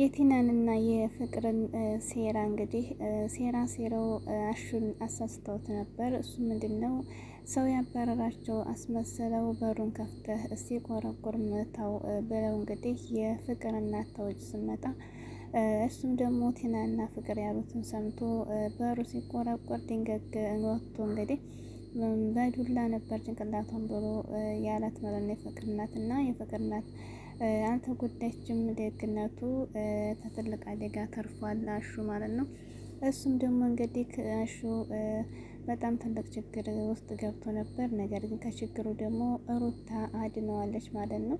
የቲናንና የፍቅርን ሴራ እንግዲህ ሴራ ሴራው አሹን አሳስተውት ነበር። እሱ ምንድን ነው ሰው ያባረራቸው አስመስለው በሩን ከፍተህ እስቲ ቆረቁር መታው ብለው እንግዲህ የፍቅር እናት ታውጭ ስመጣ እሱም ደግሞ ቲናና ፍቅር ያሉትን ሰምቶ በሩ ሲቆረቆር ድንገግ ወጥቶ እንግዲህ በዱላ ነበር ጭንቅላቷን ብሎ ያላት መለና የፍቅር እናት እና የፍቅር እናት አልተጎዳችም። ደግነቱ ከትልቅ አደጋ ተርፏል አሹ ማለት ነው። እሱም ደግሞ እንግዲህ አሹ በጣም ትልቅ ችግር ውስጥ ገብቶ ነበር። ነገር ግን ከችግሩ ደግሞ ሩታ አድነዋለች ማለት ነው።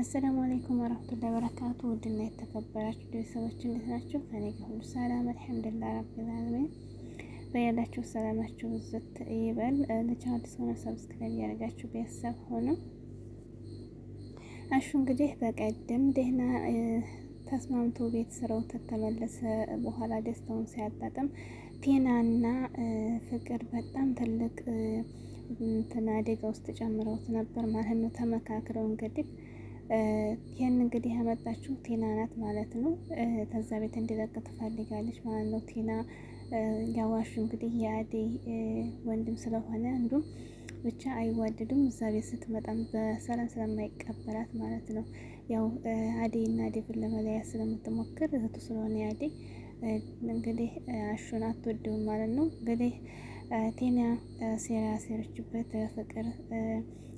አሰላሙ አለይኩም ወራህመቱላሂ ወበረካቱ። ውድና የተከበራችሁ ቤተሰቦች እንዴት ናቸው? ከኔ ሁሉ ሰላም አልሐምዱሊላህ ረቢል ዓለሚን። በያላችሁ ሰላማችሁ ብዝት ይበል። ለቻናል ሰብስክራይብ ያደርጋችሁ ቤተሰብ ሆነው አሹ እንግዲህ በቀደም ደህና ተስማምቶ ቤት ስራው ተተመለሰ በኋላ ደስታውን ሲያጣጥም ቴናና ፍቅር በጣም ትልቅ እንትን አደጋ ውስጥ ጨምረውት ነበር ማለት ነው። ተመካክረው እንግዲህ ይህን እንግዲህ ያመጣችው ቴና ናት ማለት ነው። ከዛ ቤት እንዲለቅ ትፈልጋለች ማለት ነው። ቴና ያዋሹ እንግዲህ የአደይ ወንድም ስለሆነ እንዱም ብቻ አይዋደዱም። እዛ ቤት ስትመጣም በሰላም ስለማይቀበላት ማለት ነው። ያው አዴይ እና ዴቭን ለመለያ ስለምትሞክር እህቱ ስለሆነ ያዴይ እንግዲህ አሹን አትወድም ማለት ነው። እንግዲህ ቴና ሴራ ሴረችበት ፍቅር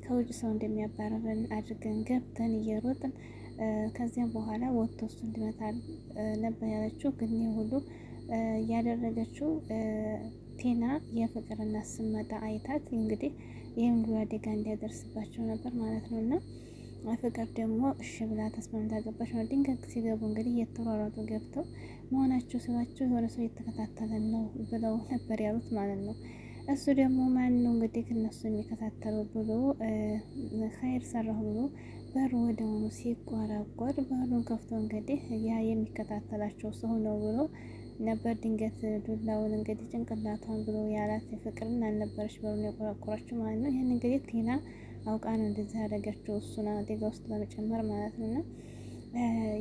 ከውጭ ሰው እንደሚያባረረን አድርገን ገብተን እየሮጥን ከዚያም በኋላ ወጥቶ እሱ እንዲመታል ነበር ያለችው። ግን ሁሉ ያደረገችው ቲና የፍቅር እናት ስመጣ አይታት እንግዲህ ይህም ጉ አደጋ እንዲያደርስባቸው ነበር ማለት ነው እና ፍቅር ደግሞ እሺ ብላ ተስማምታ ገባች ነው። ድንገት ሲገቡ እንግዲህ እየተሯሯጡ ገብተው መሆናቸው ስላቸው የሆነ ሰው እየተከታተለን ነው ብለው ነበር ያሉት ማለት ነው። እሱ ደግሞ ማን ነው እንግዲህ እነሱ የሚከታተለው ብሎ ኸይር ሰራሁ ብሎ በሩ ወደ ሆኑ በሩን ከፍቶ እንግዲህ ያ የሚከታተላቸው ሰው ነው ብሎ ነበር። ድንገት ዱላውን እንግዲህ ጭንቅላቷን ብሎ ያላት ፍቅርን አልነበረች በሩን የቆረቆረችው ማለት ነው። ይህን እንግዲህ ቴና አውቃ ነው እንደዚህ ያደረገችው እሱን አደጋ ውስጥ በመጨመር ማለት ነው። እና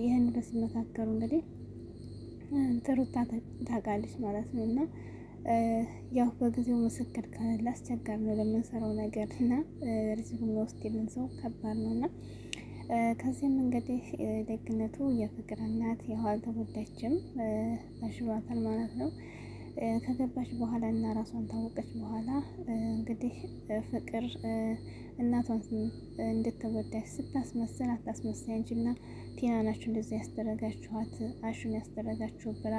ይህን በሲመካከሩ እንግዲህ ትሩታ ታውቃለች ማለት ነው። እና ያው በጊዜው ምስክር ከሌለ አስቸጋሪ ነው ለምንሰራው ነገር እና ሪዝም ውስጥ የምንሰው ከባድ ነው እና ከዚህም እንግዲህ ደግነቱ የፍቅር እናት ያው አልተጎዳችም አሽሏታል ማለት ነው። ከገባች በኋላ እና ራሷን ታወቀች በኋላ እንግዲህ ፍቅር እናቷን እንድትጎዳች ስታስመስል አታስመስል አንቺና ቲና ናችሁ እንደዚህ ያስደረጋችኋት አሹን ያስደረጋችሁ ብላ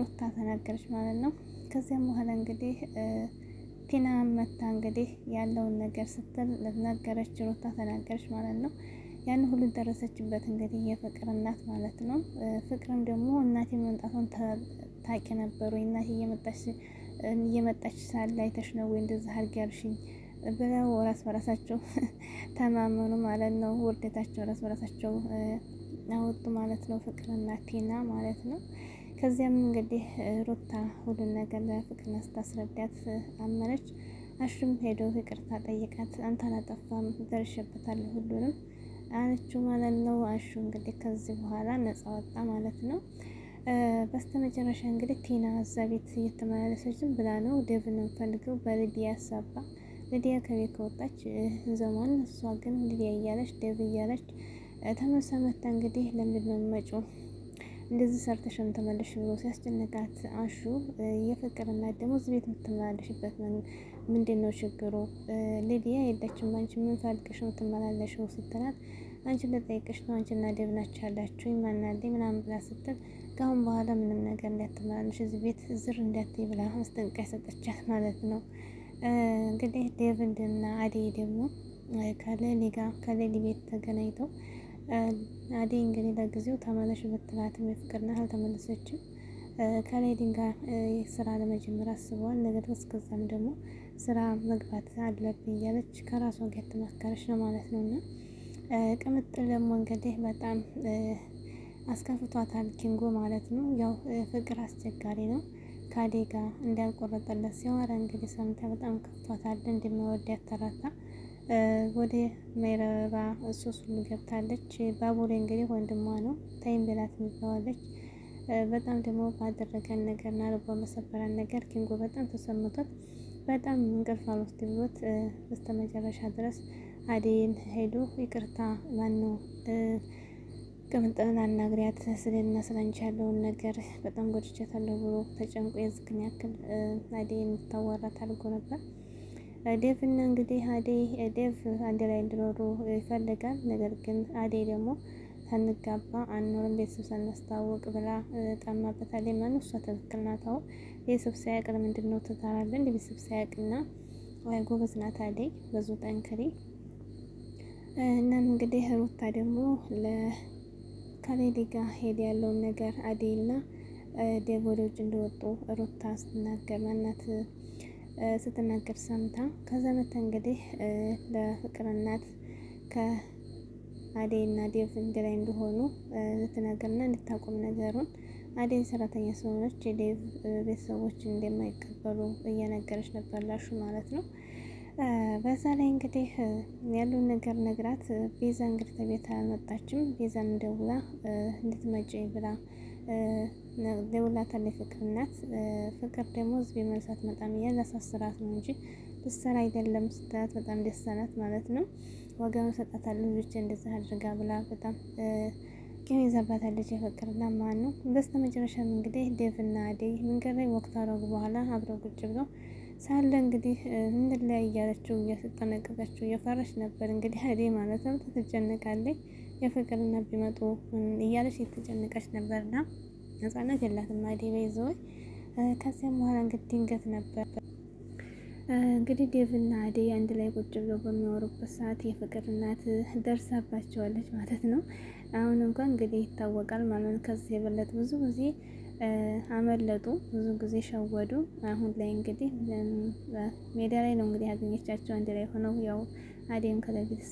ሩታ ተናገረች ማለት ነው። ከዚያም በኋላ እንግዲህ ቲና መታ እንግዲህ ያለውን ነገር ስትል ለተናገረች ሮታ ተናገረች ማለት ነው። ያን ሁሉ ደረሰችበት እንግዲህ የፍቅር እናት ማለት ነው። ፍቅርም ደግሞ እናቴ መምጣቷን ታቂ ነበሩ እናቴ እየመጣች ሳለ አይተሽ ነው ወይ እንደዚህ አድርጊያልሽኝ ብለው ራስ በራሳቸው ተማመኑ ማለት ነው። ውርደታቸው ራስ በራሳቸው አወጡ ማለት ነው። ፍቅርና ቲና ማለት ነው። ከዚያም እንግዲህ ሩታ ሁሉን ነገር ለፍቅር ስታስረዳት አመነች። አሹም ሄዶ ይቅርታ ጠይቃት፣ አንተ አላጠፋም ደርሼበታለሁ ሁሉንም አለችው ማለት ነው። አሹ እንግዲህ ከዚህ በኋላ ነጻ ወጣ ማለት ነው። በስተመጨረሻ እንግዲህ ቲና እዛ ቤት እየተመላለሰች ዝም ብላ ነው ዴቭን ፈልገው በሊዲያ ያሳባ። ሊዲያ ከቤት ከወጣች ዘመን እሷ ግን ሊዲያ እያለች ዴቭ እያለች ተመሳመታ እንግዲህ ለምንድን ነው የምመጪው እንደዚህ ሰርተሽም ተመለሽ ብሎ ሲያስጨነቃት አሹ የፍቅርና ደሞዝ ቤት የምትመላለሽበት ምንድን ነው ችግሩ? ሊዲያ የለችም አንቺ ምን ፈልገሽ ነው የምትመላለሽው? ስትላት አንቺ ልጠይቅሽ ነው አንቺና ደብ ናችሁ ያላችሁ ማናለ ምናምን ብላ ስትል ከአሁን በኋላ ምንም ነገር እንዳትመላለሽ እዚህ ቤት ዝር እንዳትይ ብላ ማስጠንቀቂያ ሰጠቻት ማለት ነው። እንግዲህ ዴቭ እና አደይ ደግሞ ከሌሊ ጋር ከሌሊ ቤት ተገናኝተው አዴ እንግዲህ ለጊዜው ተመለሽ ብትላትም የፍቅር ናህል አልተመለሰችም። ከሌዲን ጋር ስራ ለመጀመር አስበዋል። ነገር ግን እስከዛም ደግሞ ስራ መግባት አለብኝ እያለች ከራሷ ጋር ተመካከረች ነው ማለት ነው። እና ቅምጥል ደግሞ እንግዲህ በጣም አስከፍቷታል ኪንጎ ማለት ነው። ያው ፍቅር አስቸጋሪ ነው። ከአዴ ጋር እንዳልቆረጠለት ሲያወራ እንግዲህ ሰምታ በጣም ከፍቷታል። እንደሚወዳት ተረታ ወደ ማይረባ ሱስ ሁሉ ገብታለች። ባቡሬ እንግዲህ ወንድሟ ነው ታይም ብላት ሚባዋለች። በጣም ደግሞ ባደረገን ነገር እና ልቧ መሰበረን ነገር ኪንጎ በጣም ተሰምቶት በጣም እንቅልፍ አልወስድ ብሎት እስከ መጨረሻ ድረስ አዴን ሄዶ ይቅርታ ማነው ቅምጥን አናግሪያት ስለና ስላንቺ ያለውን ነገር በጣም ጎድቻታለሁ ብሎ ተጨንቆ የዝግን ያክል አዴን እንድታዋራት አድርጎ ነበር። ዴቭ ዴቭና እንግዲህ አዴ ዴቭ አንድ ላይ እንድኖሩ ይፈልጋል። ነገር ግን አዴ ደግሞ ሳንጋባ አንኖርም ቤተሰብ ሳናስተዋወቅ ብላ ጣማበታለች። ማን እሷ ትክክል ናት። አሁን ቤተሰብ ሳያቅ ምንድን ነው ትታራለች። እንደ ቤተሰብ ሳያቅና ጎበዝ ናት አደይ፣ በዙ ጠንክሪ። እናም እንግዲህ ሩታ ደግሞ ለከሌሊ ጋር ሄድ ያለውን ነገር አዴ አደይና ዴቭ ወደ ውጭ እንደወጡ ሩታ ስትናገር ማናት ስትናገር ሰምታ ከዛ መተ እንግዲህ ለፍቅርናት እናት ከአዴ እና ዴቭ እንድ ላይ እንደሆኑ ስትናገርና እንድታቆም ነገሩን አዴን ሰራተኛ ስለሆነች የዴቭ ቤተሰቦች እንደማይቀበሉ እየነገረች ነበር ላሹ ማለት ነው። በዛ ላይ እንግዲህ ያለውን ነገር ነግራት ቤዛ እንግዲህ ከቤት አልመጣችም። ቤዛም ደውላ እንድትመጪ ብላ ደውላታለች ፍቅር እናት። ፍቅር ደግሞ እዚህ የመልሳት መጣም እያለ አሳስራት ነው እንጂ ልሰራ አይደለም ስትላት በጣም ደስ አላት ማለት ነው። ዋጋውን ሰጣታለች። ልጆች እንደዛ አድርጋ ብላ በጣም ቂም ይዛባታለች የፍቅርና ማን ነው። በስተ መጨረሻም እንግዲህ ዴቭና አደይ መንገድ ላይ ወቅት አረጉ በኋላ አብረው ቁጭ ብለው ሳለ እንግዲህ እንለያይ እያለችው እያስጠነቀቀችው እየፈራች ነበር። እንግዲህ አደይ ማለት ነው ትጨነቃለች። የፍቅርና ቢመጡ እያለች የተጨነቀች ነበርና ነጻነት የላትም አዴ በይዘው። ከዚያም በኋላ እንግዲህ ድንገት ነበር እንግዲህ ዴቭና አዴ አንድ ላይ ቁጭ ብለው በሚያወሩበት ሰዓት የፍቅር እናት ደርሳባቸዋለች ማለት ነው። አሁን እንኳን እንግዲህ ይታወቃል ማለት ነው። ከዚህ የበለጠ ብዙ ጊዜ አመለጡ፣ ብዙ ጊዜ ሸወዱ። አሁን ላይ እንግዲህ ሜዳ ላይ ነው እንግዲህ ያገኘቻቸው አንድ ላይ ሆነው ያው አደይም ከቤት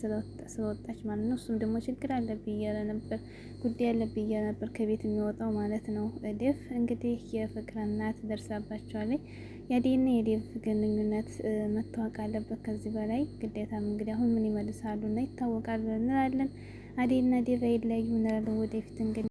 ስለወጣች ማለት ነው። እሱም ደግሞ ችግር አለብኝ እያለ ነበር፣ ጉዳይ አለብኝ እያለ ነበር ከቤት የሚወጣው ማለት ነው። ዴቭ እንግዲህ የፍቅር እናት ደርሳባቸዋለች። የአደይና የዴቭ ግንኙነት መታወቅ አለበት ከዚህ በላይ ግዴታም። እንግዲህ አሁን ምን ይመልሳሉ እና ይታወቃሉ እንላለን። አደይና ዴቭ አይለያዩ እንላለን ወደፊት እንግዲህ